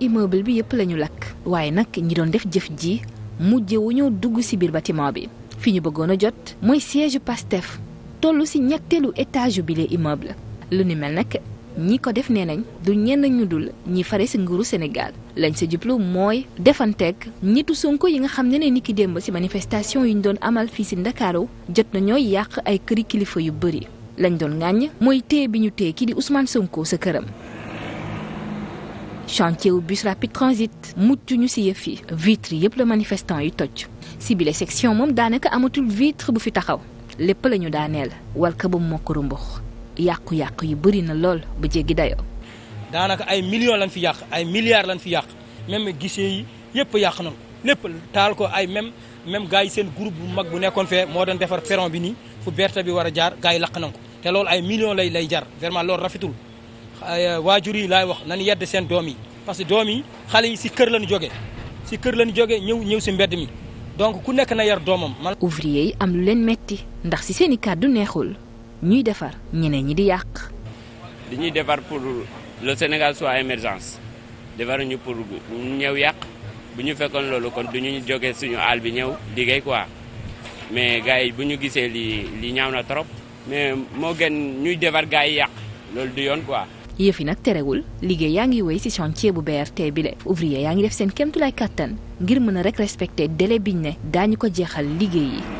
immeuble bi yëpp la ñu lakk waaye nag ñi doon def jëf ji mujje wu ñoo dugg ci biir bâtiment bi fi ñu bëggoon a jot mooy siège Pastef toll ci ñetteelu étage yu bile immeuble lu ne mel nag ñi ko def nee nañ du ñenn ñu dul ñi fare si nguuru Sénégal lañ sa jublu mooy defanteeg nitu Sonko yi nga xam ne ne ni ki démb ci manifestation yi ñu doon amal fii ci Ndakaaru jot nañoo yàq ay këri kilifa yu bëri lañ doon ŋàññ mooy téye bi ñu téye kii di Ousmane Sonko sa këram chantier wu bus rapide transit mucc ñu si yëf yi vitre yëpp la manifestant yi toj si bile section moom daanaka amatul vitre bu fi taxaw lépp la ñu daaneel wal ka ba mu mokkaru mbox yàqu-yàqu yu bëri na lool ba jéggi dayoo. daanaka ay million lañ fi yàq ay milliards lañ fi yàq même guichet yi yëpp yàq nañ ko lépp taal ko ay même même gaa yi seen groupe bu mag bu nekkoon fee moo doon defar perron bi nii fu berta bi war a jaar gars yi laq nañ ko te loolu ay millions lay lay jar vraiment loolu rafetul. Euh, waajur yi laay wax na nañu yedd seen doom yi parce que doom yi xale yi si kër lañu jóge si kër lañu jóge ñëw ñëw si mbedd mi donc ku nekk na yar doomam. ouvrier yi am lu leen metti ndax si seen i kàddu neexul ñuy defar ñeneen ñi di yàq. dañuy defar pour le Sénégal soit émergence defar ñu pour ñëw yàq bu ñu fekkoon loolu kon du ñu jóge suñu àll bi ñëw liggéey quoi mais gars yi bu ñu gisee li li ñaaw na trop mais moo gën ñuy defar gars yi yàq loolu du yoon quoi. yëf yi nag terewul liggéey yaa ngi woy ci chantier bu BRT bi le ouvrier yaa ngi def seen kéemtulaay kàttan ngir mën a rek respecter délai biñ ne daañu ko jeexal liggéey yi